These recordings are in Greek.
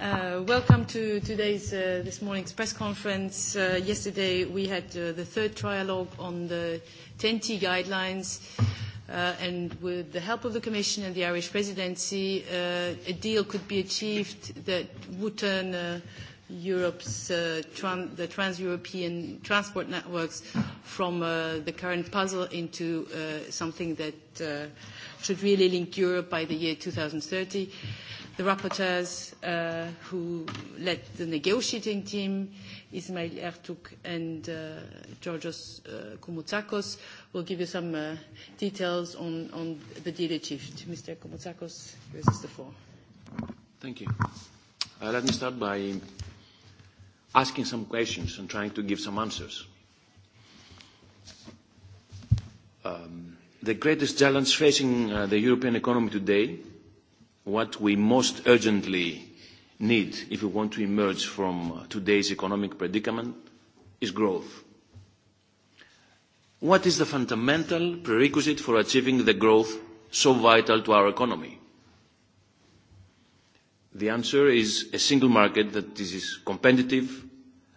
Welcome to today's this morning's press conference. Yesterday we had the third trialogue on the ten t guidelines, and with the help of the Commission and the Irish Presidency, a deal could be achieved that would turn Europe's the trans-European transport networks from the current puzzle into something that should really link Europe by the year 2030 the rapporteurs who led the negotiating team, Ismail Ertug and Georgios Koumoutsakos, will give you some details on the deal achieved. Mr. Koumoutsakos, this is the floor. Thank you. Let me start by asking some questions and trying to give some answers. The greatest challenge facing the European economy today what we most urgently need if we want to emerge from today's economic predicament is growth. What is the fundamental prerequisite for achieving the growth so vital to our economy? The answer is a single market that is competitive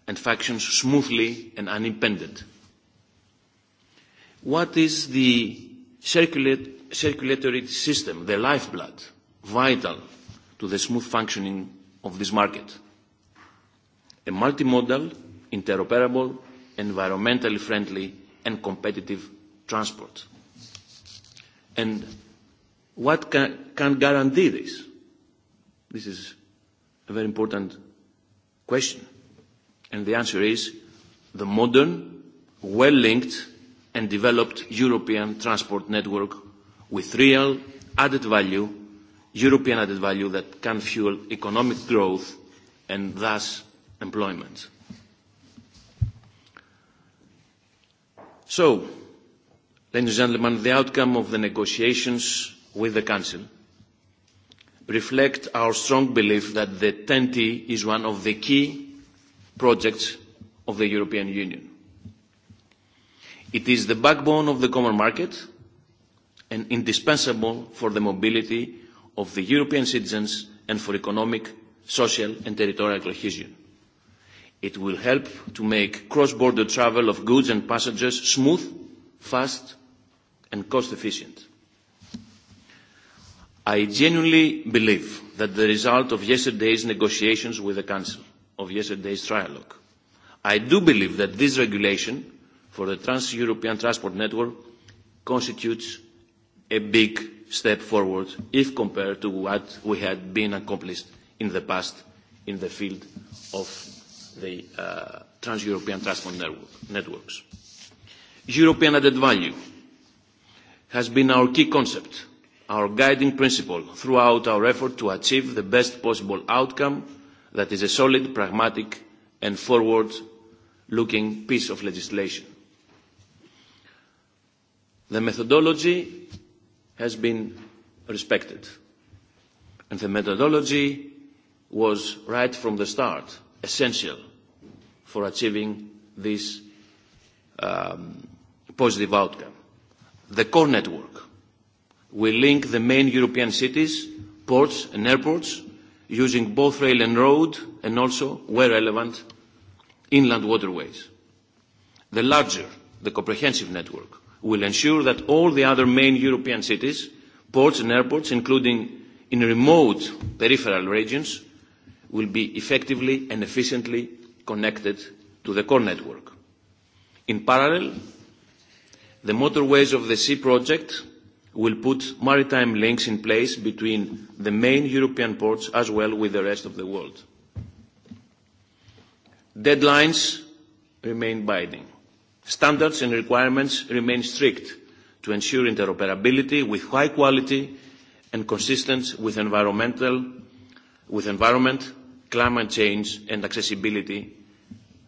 and functions smoothly and unimpeded. What is the circulatory system, the lifeblood vital to the smooth functioning of this market. A multimodal, interoperable, environmentally friendly and competitive transport. And what can guarantee this? This is a very important question. And the answer is the modern, well-linked and developed European transport network with real added value European added value that can fuel economic growth and thus employment. So, ladies and gentlemen, the outcome of the negotiations with the Council reflect our strong belief that the TEN-T is one of the key projects of the European Union. It is the backbone of the common market and indispensable for the mobility of the European citizens and for economic, social and territorial cohesion. It will help to make cross-border travel of goods and passengers smooth, fast and cost-efficient. I genuinely believe that the result of yesterday's negotiations with the Council, of yesterday's trialogue, I do believe that this regulation for the Trans-European Transport Network constitutes a big step forward if compared to what we had been accomplished in the past in the field of the trans-European transport networks. European added value has been our key concept, our guiding principle throughout our effort to achieve the best possible outcome that is a solid, pragmatic and forward-looking piece of legislation. The methodology has been respected. And the methodology was right from the start essential for achieving this positive outcome. The core network will link the main European cities, ports and airports using both rail and road and also, where relevant, inland waterways. The larger, the comprehensive network will ensure that all the other main European cities, ports and airports, including in remote peripheral regions, will be effectively and efficiently connected to the core network. In parallel, the Motorways of the Sea project will put maritime links in place between the main European ports as well with the rest of the world. Deadlines remain binding. Standards and requirements remain strict to ensure interoperability with high quality and consistent with environment, climate change and accessibility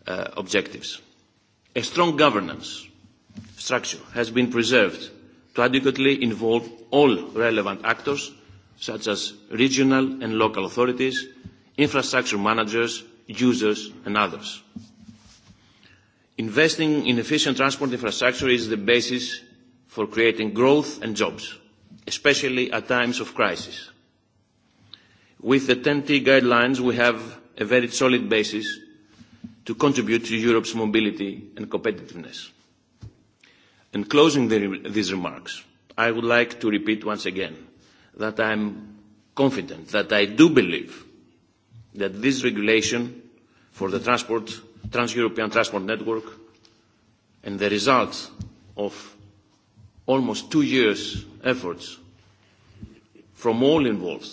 objectives. A strong governance structure has been preserved to adequately involve all relevant actors such as regional and local authorities, infrastructure managers, users and others. Investing in efficient transport infrastructure is the basis for creating growth and jobs, especially at times of crisis. With the ten t guidelines, we have a very solid basis to contribute to Europe's mobility and competitiveness. In closing these remarks, I would like to repeat once again that I am confident that I do believe that this regulation for the transport Trans-European Transport Network, and the result of almost two years' efforts from all involved,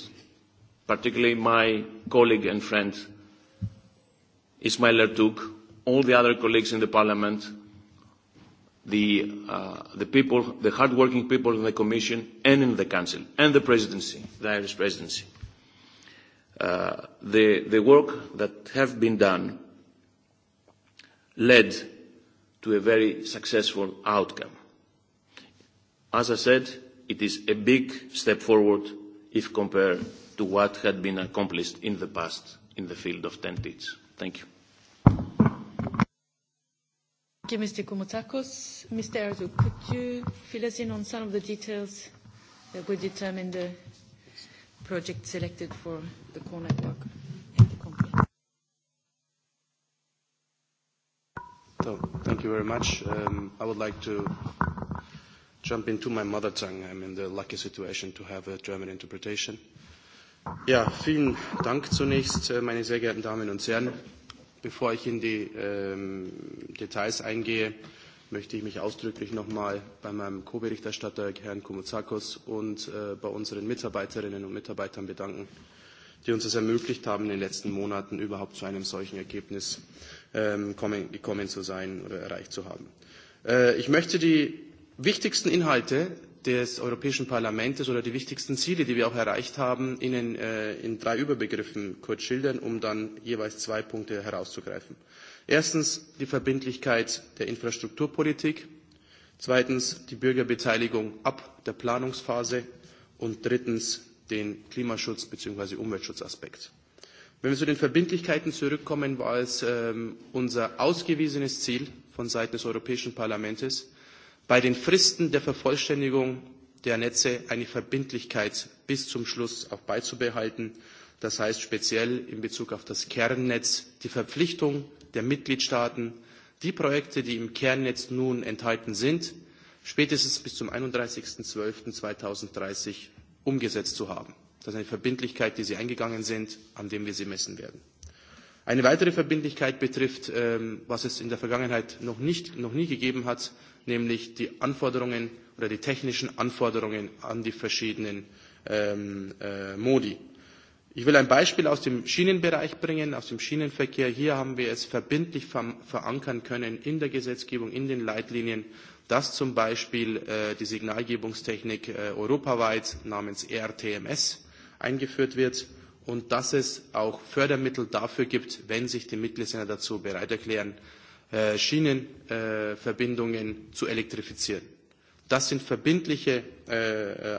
particularly my colleague and friend Ismail Ertug, all the other colleagues in the Parliament, the the people, the hard-working people in the Commission and in the Council and the Presidency, the Irish Presidency. The work that have been done led to a very successful outcome. As I said, it is a big step forward if compared to what had been accomplished in the past in the field of ten Thank you. Thank you, Mr. Koumoutsakos. Mr. Erdogan, could you fill us in on some of the details that would determine the project selected for the core network? very much. I would like to jump into my mother tongue. I'm in the lucky situation to have a German interpretation. Ja, vielen Dank zunächst, meine sehr geehrten Damen und Herren. Bevor ich in die Details eingehe, möchte ich mich ausdrücklich nochmal bei meinem Co-Berichterstatter, Herrn Komuzakos, und bei unseren Mitarbeiterinnen und Mitarbeitern bedanken, die uns es ermöglicht haben, in den letzten Monaten überhaupt zu einem solchen Ergebnis gekommen zu sein oder erreicht zu haben. Ich möchte die wichtigsten Inhalte des Europäischen Parlaments oder die wichtigsten Ziele, die wir auch erreicht haben, Ihnen in drei Überbegriffen kurz schildern, um dann jeweils zwei Punkte herauszugreifen. Erstens die Verbindlichkeit der Infrastrukturpolitik, zweitens die Bürgerbeteiligung ab der Planungsphase und drittens den Klimaschutz bzw. Umweltschutzaspekt. Wenn wir zu den Verbindlichkeiten zurückkommen, war es unser ausgewiesenes Ziel von Seiten des Europäischen Parlaments, bei den Fristen der Vervollständigung der Netze eine Verbindlichkeit bis zum Schluss auch beizubehalten. Das heißt speziell in Bezug auf das Kernnetz die Verpflichtung der Mitgliedstaaten, die Projekte, die im Kernnetz nun enthalten sind, spätestens bis zum 31.12.2030 umgesetzt zu haben. Das ist eine Verbindlichkeit, die Sie eingegangen sind, an dem wir Sie messen werden. Eine weitere Verbindlichkeit betrifft, was es in der Vergangenheit noch nie gegeben hat, nämlich die Anforderungen oder die technischen Anforderungen an die verschiedenen Modi. Ich will ein Beispiel aus dem Schienenbereich bringen, aus dem Schienenverkehr. Hier haben wir es verbindlich verankern können in der Gesetzgebung, in den Leitlinien, dass zum Beispiel die Signalgebungstechnik europaweit namens ERTMS eingeführt wird und dass es auch Fördermittel dafür gibt, wenn sich die Mitgliedsländer dazu bereit erklären, Schienenverbindungen zu elektrifizieren. Das sind verbindliche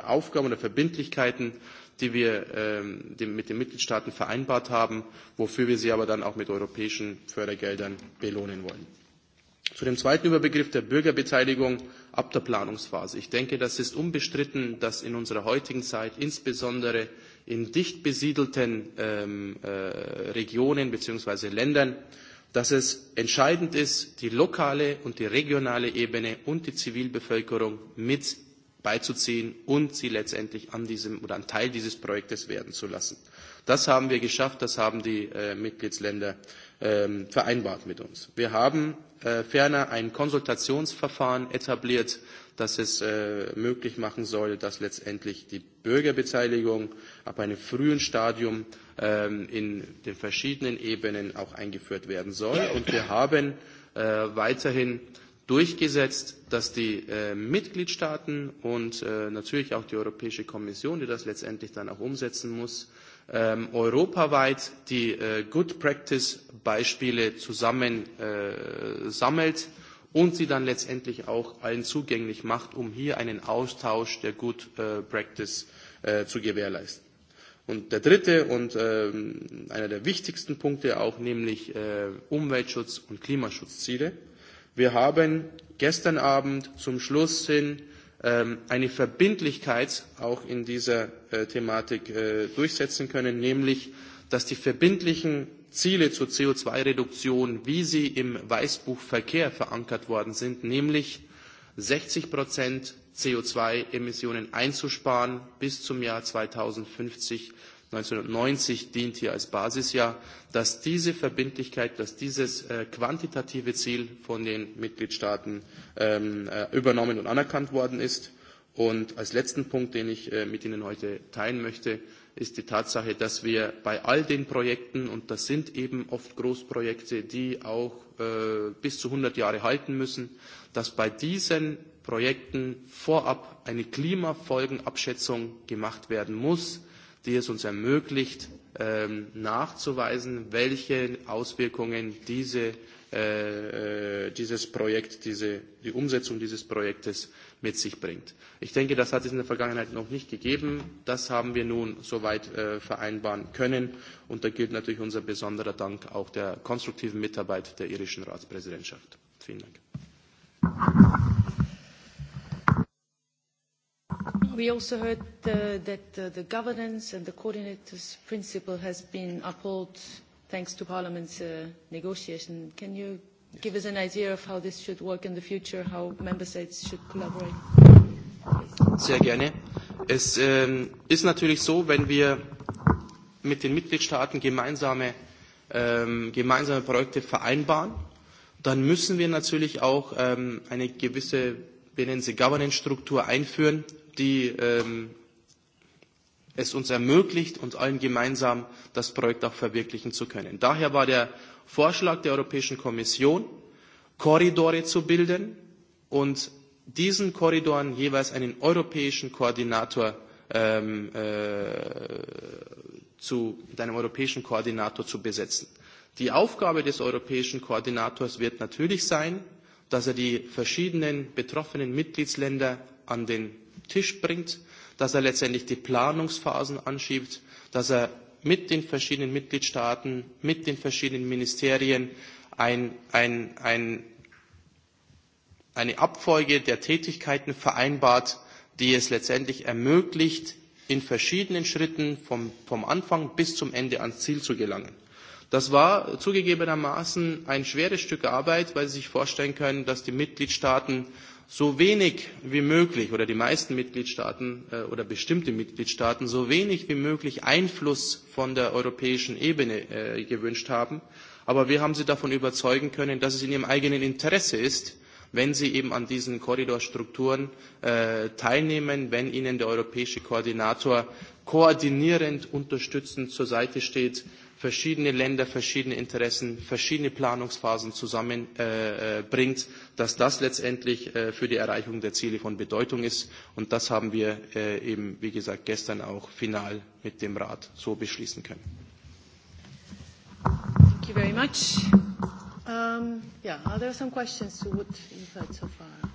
Aufgaben oder Verbindlichkeiten, die wir mit den Mitgliedstaaten vereinbart haben, wofür wir sie aber dann auch mit europäischen Fördergeldern belohnen wollen. Zu dem zweiten Überbegriff der Bürgerbeteiligung ab der Planungsphase. Ich denke, das ist unbestritten, dass in unserer heutigen Zeit insbesondere in dicht besiedelten Regionen bzw. Ländern, dass es entscheidend ist, die lokale und die regionale Ebene und die Zivilbevölkerung mit beizuziehen und sie letztendlich an diesem oder an Teil dieses Projektes werden zu lassen. Das haben wir geschafft, das haben die Mitgliedsländer vereinbart mit uns. Wir haben ferner ein Konsultationsverfahren etabliert, das es möglich machen soll, dass letztendlich die Bürgerbeteiligung ab einem frühen Stadium in den verschiedenen Ebenen auch eingeführt werden soll. Und wir haben weiterhin durchgesetzt, dass die Mitgliedstaaten und natürlich auch die Europäische Kommission, die das letztendlich dann auch umsetzen muss, europaweit die Good Practice Beispiele zusammensammelt und sie dann letztendlich auch allen zugänglich macht, um hier einen Austausch der Good Practice zu gewährleisten. Und der dritte und einer der wichtigsten Punkte auch, nämlich Umweltschutz und Klimaschutzziele. Wir haben gestern Abend zum Schluss hin eine Verbindlichkeit auch in dieser Thematik durchsetzen können, nämlich dass die verbindlichen Ziele zur CO2-Reduktion, wie sie im Weißbuch Verkehr verankert worden sind, nämlich 60 CO2-Emissionen einzusparen bis zum Jahr 2050, 1990 dient hier als Basisjahr, dass diese Verbindlichkeit, dass dieses quantitative Ziel von den Mitgliedstaaten übernommen und anerkannt worden ist. Und als letzten Punkt, den ich mit Ihnen heute teilen möchte, ist die Tatsache, dass wir bei all den Projekten, und das sind eben oft Großprojekte, die auch bis zu 100 Jahre halten müssen, dass bei diesen Projekten vorab eine Klimafolgenabschätzung gemacht werden muss, die es uns ermöglicht, nachzuweisen, welche Auswirkungen dieses Projekt, die Umsetzung dieses Projektes mit sich bringt. Ich denke, das hat es in der Vergangenheit noch nicht gegeben. Das haben wir nun soweit vereinbaren können. Und da gilt natürlich unser besonderer Dank auch der konstruktiven Mitarbeit der irischen Ratspräsidentschaft. Vielen Dank. We also heard that the governance and the coordinators principle has been upheld thanks to Parliament's negotiation. Can you give us an idea of how this should work in the future, how member states should collaborate? Sehr gerne. Es ist natürlich so, wenn wir mit den Mitgliedstaaten gemeinsame gemeinsame Projekte vereinbaren, dann müssen wir natürlich auch eine gewisse, wir nennen sie Governance-Struktur einführen, die es uns ermöglicht, uns allen gemeinsam das Projekt auch verwirklichen zu können. Daher war der Vorschlag der Europäischen Kommission, Korridore zu bilden und diesen Korridoren jeweils einen europäischen Koordinator zu einem europäischen Koordinator zu besetzen. Die Aufgabe des europäischen Koordinators wird natürlich sein, dass er die verschiedenen betroffenen Mitgliedsländer an den Tisch bringt, dass er letztendlich die Planungsphasen anschiebt, dass er mit den verschiedenen Mitgliedstaaten, mit den verschiedenen Ministerien eine Abfolge der Tätigkeiten vereinbart, die es letztendlich ermöglicht, in verschiedenen Schritten vom Anfang bis zum Ende ans Ziel zu gelangen. Das war zugegebenermaßen ein schweres Stück Arbeit, weil Sie sich vorstellen können, dass die Mitgliedstaaten so wenig wie möglich oder die meisten Mitgliedstaaten oder bestimmte Mitgliedstaaten so wenig wie möglich Einfluss von der europäischen Ebene gewünscht haben. Aber wir haben sie davon überzeugen können, dass es in ihrem eigenen Interesse ist, wenn sie eben an diesen Korridorstrukturen teilnehmen, wenn ihnen der europäische Koordinator koordinierend unterstützend zur Seite steht verschiedene Länder, verschiedene Interessen, verschiedene Planungsphasen zusammenbringt, dass das letztendlich für die Erreichung der Ziele von Bedeutung ist. Und das haben wir eben, wie gesagt, gestern auch final mit dem Rat so beschließen können. Thank you very much. Um, yeah, are there some questions you would you've so far?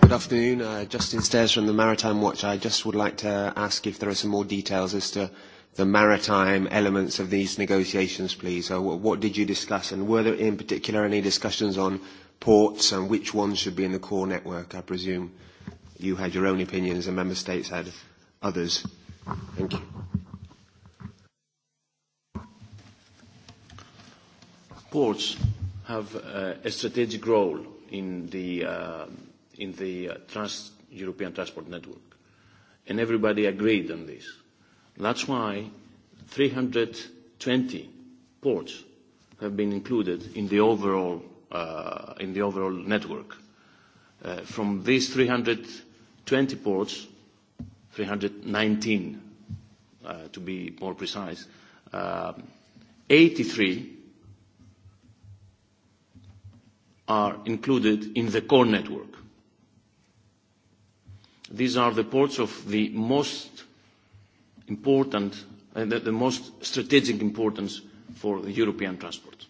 Good afternoon. Justin Stairs from the Maritime Watch. I just would like to ask if there are some more details as to the maritime elements of these negotiations, please. What did you discuss, and were there in particular any discussions on ports and which ones should be in the core network? I presume you had your own opinions and member states had others. Thank you. Ports have a strategic role in the in the Trans-European Transport Network. And everybody agreed on this. That's why 320 ports have been included in the overall in the overall network. From these 320 ports, 319 to be more precise, 83 are included in the core network. These are the ports of the most important, the most strategic importance for the European transport.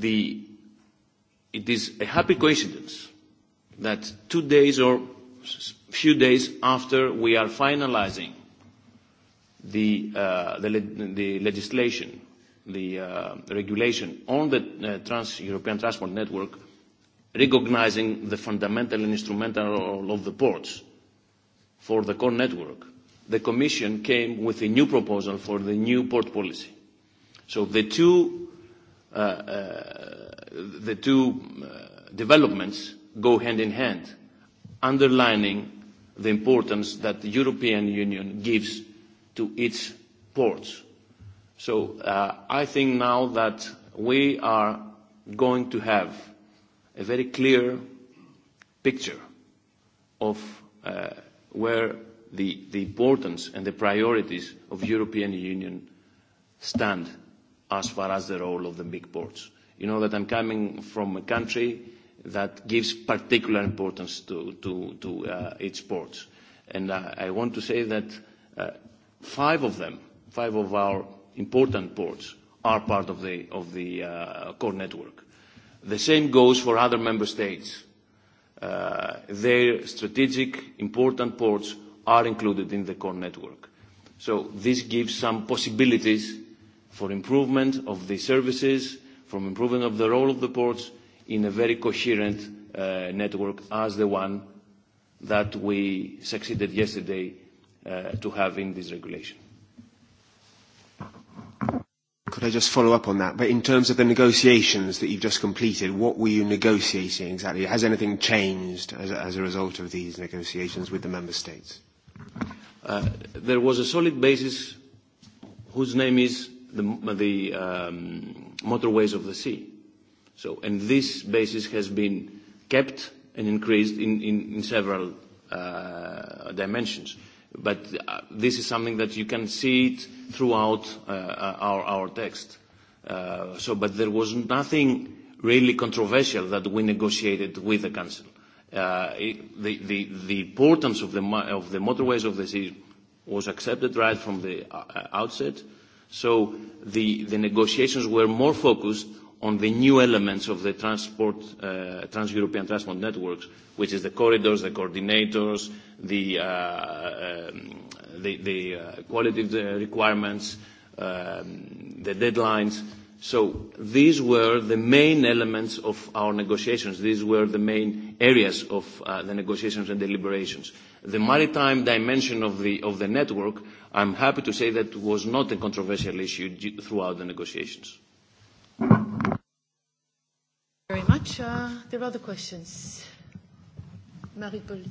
It is a happy coincidence that two days or few days after we are finalizing the legislation, the regulation on the Trans-European Transport Network, recognizing the fundamental and instrumental role of the ports for the core network, the Commission came with a new proposal for the new port policy. So the two, the two developments go hand in hand, underlining the importance that the European Union gives to its ports. So I think now that we are going to have a very clear picture of where the importance and the priorities of European Union stand as far as the role of the big ports. You know that I'm coming from a country that gives particular importance to its ports. And I want to say that five of them, five of our important ports, are part of the core network. The same goes for other member states. Their strategic important ports are included in the core network. So this gives some possibilities for improvement of the services, for improvement of the role of the ports in a very coherent network as the one that we succeeded yesterday to have in this regulation. Could I just follow up on that? But in terms of the negotiations that you've just completed, what were you negotiating exactly? Has anything changed as a result of these negotiations with the member states? There was a solid basis whose name is the motorways of the sea. So, and this basis has been kept and increased in several dimensions. But this is something that you can see it throughout our our text. So, but there was nothing really controversial that we negotiated with the Council. The importance of the motorways of the sea was accepted right from the outset. So the negotiations were more focused on the new elements of the transport, trans-European transport networks, which is the corridors, the coordinators, the, quality requirements, the deadlines. So these were the main elements of our negotiations. These were the main areas of the negotiations and deliberations. The maritime dimension of the, of the network, I'm happy to say that was not a controversial issue throughout the negotiations. much. There are other questions. Marie-Pauline.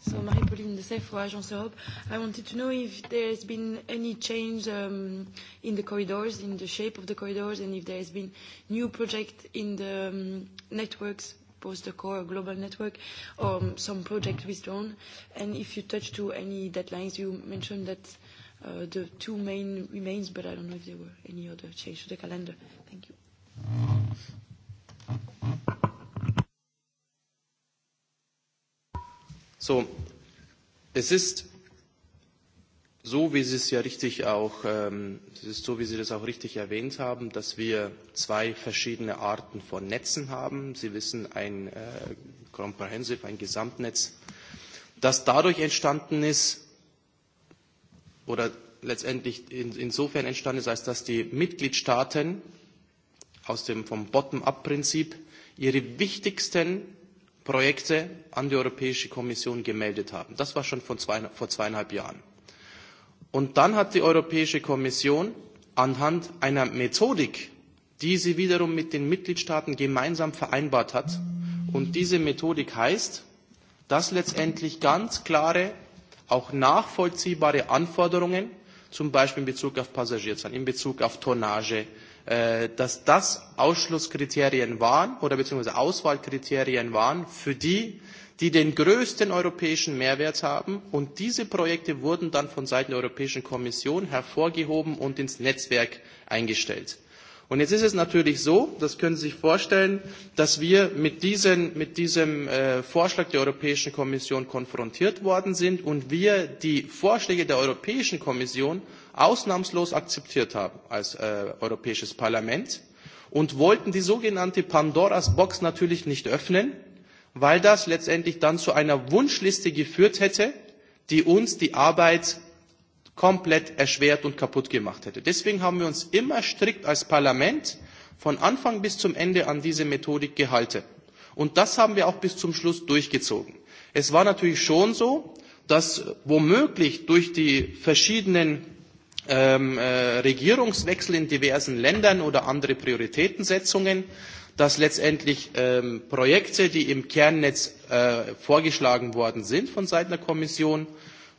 So Marie-Pauline de for Agence Europe. I wanted to know if there has been any change in the corridors, in the shape of the corridors, and if there has been new project in the networks post the core global network or some project withdrawn. And if you touch to any deadlines, you mentioned that the two main remains, but I don't know if there were any other change to the calendar. Thank you. So, es ist so, wie Sie es ja richtig auch, es ist so, wie Sie das auch richtig erwähnt haben, dass wir zwei verschiedene Arten von Netzen haben. Sie wissen, ein Comprehensive, ein Gesamtnetz, das dadurch entstanden ist oder letztendlich insofern entstanden ist, als dass die Mitgliedstaaten aus dem vom Bottom-up-Prinzip ihre wichtigsten Projekte an die Europäische Kommission gemeldet haben. Das war schon vor zweieinhalb Jahren. Und dann hat die Europäische Kommission anhand einer Methodik, die sie wiederum mit den Mitgliedstaaten gemeinsam vereinbart hat, und diese Methodik heißt, dass letztendlich ganz klare, auch nachvollziehbare Anforderungen, zum Beispiel in Bezug auf Passagierzahlen, in Bezug auf Tonnage, dass das Ausschlusskriterien waren oder beziehungsweise Auswahlkriterien waren für die, die den größten europäischen Mehrwert haben. Und diese Projekte wurden dann von Seiten der Europäischen Kommission hervorgehoben und ins Netzwerk eingestellt. Und jetzt ist es natürlich so, das können Sie sich vorstellen, dass wir mit diesem Vorschlag der Europäischen Kommission konfrontiert worden sind und wir die Vorschläge der Europäischen Kommission ausnahmslos akzeptiert haben als Europäisches Parlament und wollten die sogenannte Pandoras Box natürlich nicht öffnen, weil das letztendlich dann zu einer Wunschliste geführt hätte, die uns die Arbeit komplett erschwert und kaputt gemacht hätte. Deswegen haben wir uns immer strikt als Parlament von Anfang bis zum Ende an diese Methodik gehalten. Und das haben wir auch bis zum Schluss durchgezogen. Es war natürlich schon so, dass womöglich durch die verschiedenen Regierungswechsel in diversen Ländern oder andere Prioritätensetzungen, dass letztendlich Projekte, die im Kernnetz vorgeschlagen worden sind von der Kommission,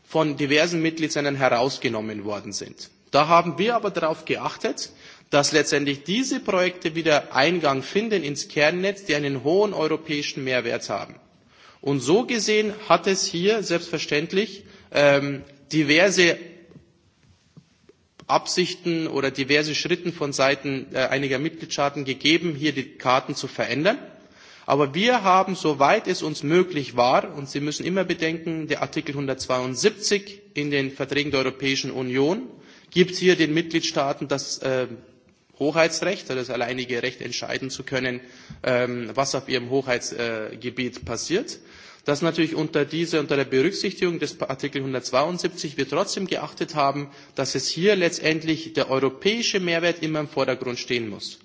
von diversen Mitgliedsländern herausgenommen worden sind. Da haben wir aber darauf geachtet, dass letztendlich diese Projekte wieder Eingang finden ins Kernnetz, die einen hohen europäischen Mehrwert haben. Und so gesehen hat es hier selbstverständlich diverse Absichten oder diverse Schritten von Seiten einiger Mitgliedstaaten gegeben, hier die Karten zu verändern. Aber wir haben, soweit es uns möglich war, und Sie müssen immer bedenken, der Artikel 172 in den Verträgen der Europäischen Union gibt hier den Mitgliedstaaten das Hoheitsrecht, das alleinige Recht entscheiden zu können, was auf ihrem Hoheitsgebiet passiert dass natürlich unter unter der berücksichtigung des artikel 172 wir trotzdem geachtet haben dass es hier letztendlich der europäische mehrwert immer im vordergrund stehen muss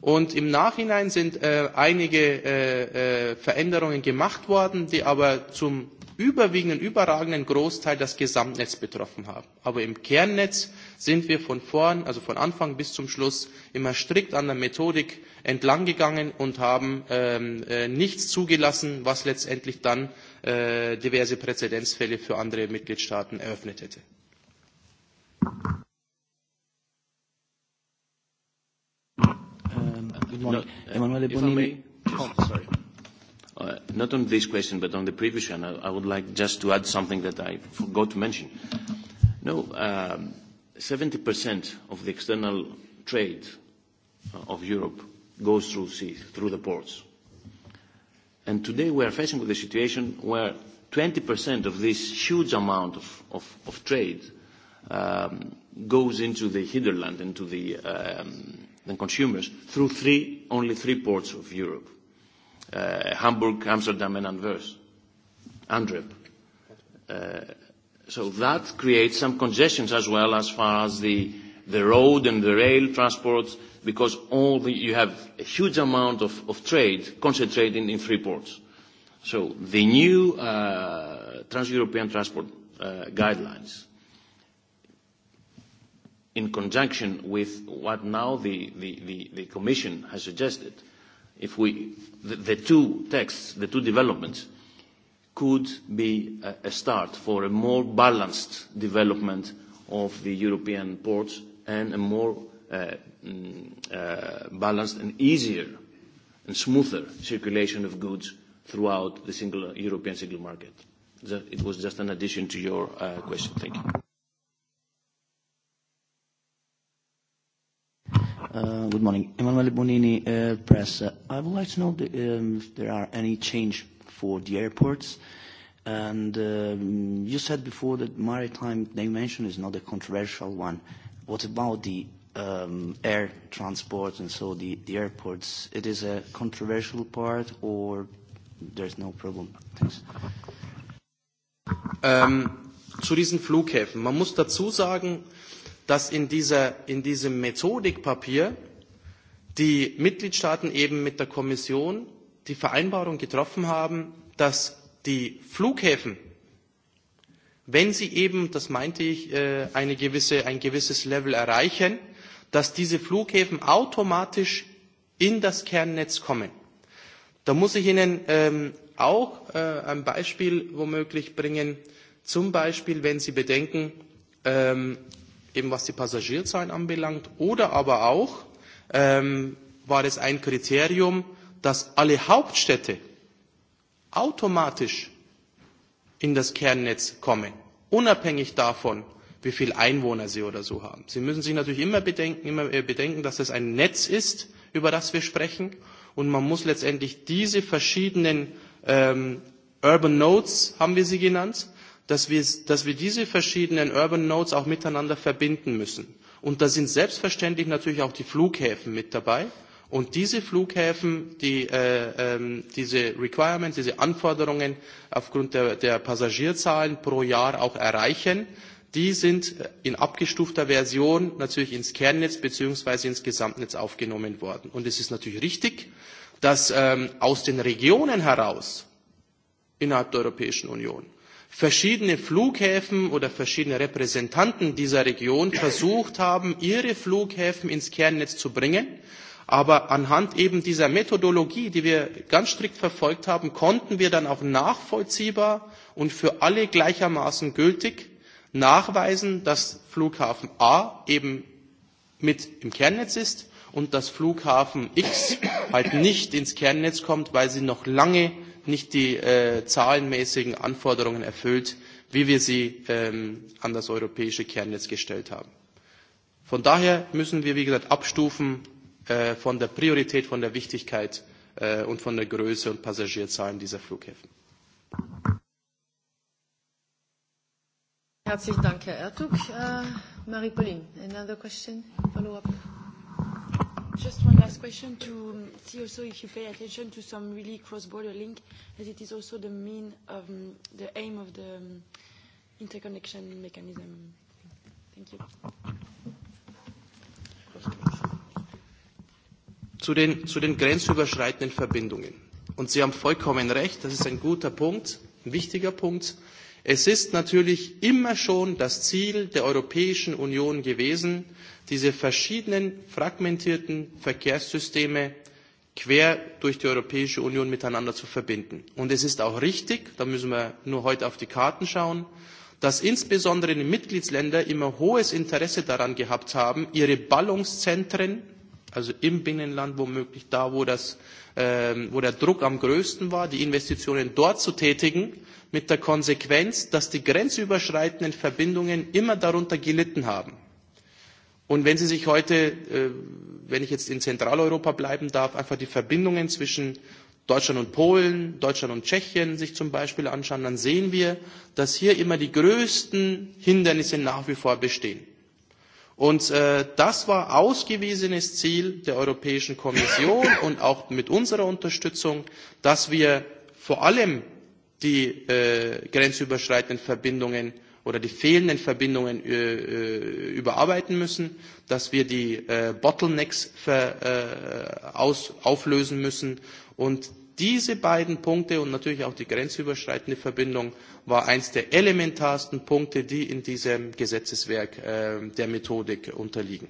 und im nachhinein sind einige veränderungen gemacht worden die aber zum überwiegenden überragenden großteil das gesamtnetz betroffen haben aber im kernnetz sind wir von vorn, also von Anfang bis zum Schluss, immer strikt an der Methodik entlanggegangen und haben nichts zugelassen, was letztendlich dann diverse Präzedenzfälle für andere Mitgliedstaaten eröffnet hätte. Not this question, but on the previous I would like just to add something that I forgot to mention. No, 70% of the external trade of Europe goes through sea through the ports. And today we are facing with a situation where 20% of this huge amount of trade goes into the hinterland, to the consumers, through three, only three ports of Europe. Hamburg, Amsterdam and Anvers. Antwerp So that creates some congestions as well as far as the the road and the rail transport, because all the you have a huge amount of trade concentrating in three ports. So the new Trans-European Transport Guidelines, in conjunction with what now the the the Commission has suggested, if we the two texts, the two developments could be a start for a more balanced development of the European ports and a more balanced and easier and smoother circulation of goods throughout the single European single market. It was just an addition to your question. Thank you. Good morning. Emanuele Bonini, Press. I would like to know if there are any changes for the airports. And you said before that maritime dimension is not a controversial one. What about the air transport and so the airports? It is a controversial part or there's no problem? Thanks. Zu diesen Flughäfen. Man muss dazu sagen, dass in diesem Methodikpapier die Mitgliedstaaten eben mit der Kommission die Vereinbarung getroffen haben, dass die Flughäfen, wenn sie eben, das meinte ich, ein gewisses Level erreichen, dass diese Flughäfen automatisch in das Kernnetz kommen. Da muss ich Ihnen auch ein Beispiel womöglich bringen, zum Beispiel, wenn Sie bedenken, eben was die Passagierzahlen anbelangt, oder aber auch war es ein Kriterium, dass alle Hauptstädte automatisch in das Kernnetz kommen, unabhängig davon, wie viele Einwohner sie oder so haben. Sie müssen sich natürlich immer bedenken, immer bedenken, dass es ein Netz ist, über das wir sprechen, und man muss letztendlich diese verschiedenen Urban Nodes, haben wir sie genannt, dass wir, dass wir diese verschiedenen Urban Nodes auch miteinander verbinden müssen. Und da sind selbstverständlich natürlich auch die Flughäfen mit dabei. Und diese Flughäfen, die diese Requirements, diese Anforderungen aufgrund der Passagierzahlen pro Jahr auch erreichen, die sind in abgestufter Version natürlich ins Kernnetz bzw. ins Gesamtnetz aufgenommen worden. Und es ist natürlich richtig, dass aus den Regionen heraus innerhalb der Europäischen Union verschiedene Flughäfen oder verschiedene Repräsentanten dieser Region versucht haben, ihre Flughäfen ins Kernnetz zu bringen Aber anhand eben dieser Methodologie, die wir ganz strikt verfolgt haben, konnten wir dann auch nachvollziehbar und für alle gleichermaßen gültig nachweisen, dass Flughafen A eben mit im Kernnetz ist und dass Flughafen X halt nicht ins Kernnetz kommt, weil sie noch lange nicht die zahlenmäßigen Anforderungen erfüllt, wie wir sie an das europäische Kernnetz gestellt haben. Von daher müssen wir, wie gesagt, abstufen von der Priorität, von der Wichtigkeit und von der Größe und Passagierzahlen dieser Flughäfen. Herzlichen Dank, Herr Ertug. Marie-Pauline, another question, follow-up. Just one last question to see also if you pay attention to some really cross-border link, as it is also the mean of the aim of the interconnection mechanism. Thank you. zu den, grenzüberschreitenden Verbindungen. Und Sie haben vollkommen recht, das ist ein guter Punkt, ein wichtiger Punkt. Es ist natürlich immer schon das Ziel der Europäischen Union gewesen, diese verschiedenen fragmentierten Verkehrssysteme quer durch die Europäische Union miteinander zu verbinden. Und es ist auch richtig, da müssen wir nur heute auf die Karten schauen, dass insbesondere die Mitgliedstaaten immer hohes Interesse daran gehabt haben, ihre Ballungszentren also im Binnenland womöglich da, wo der Druck am größten war, die Investitionen dort zu tätigen, mit der Konsequenz, dass die grenzüberschreitenden Verbindungen immer darunter gelitten haben. Und wenn Sie sich heute, wenn ich jetzt in Zentraleuropa bleiben darf, einfach die Verbindungen zwischen Deutschland und Polen, Deutschland und Tschechien sich zum Beispiel anschauen, dann sehen wir, dass hier immer die größten Hindernisse nach wie vor bestehen. Und das war ausgewiesenes Ziel der Europäischen Kommission und auch mit unserer Unterstützung, dass wir vor allem die grenzüberschreitenden Verbindungen oder die fehlenden Verbindungen überarbeiten müssen, dass wir die Bottlenecks auflösen müssen und diese beiden Punkte und natürlich auch die grenzüberschreitende Verbindung war eines der elementarsten Punkte, die in diesem Gesetzeswerk der Methodik unterliegen.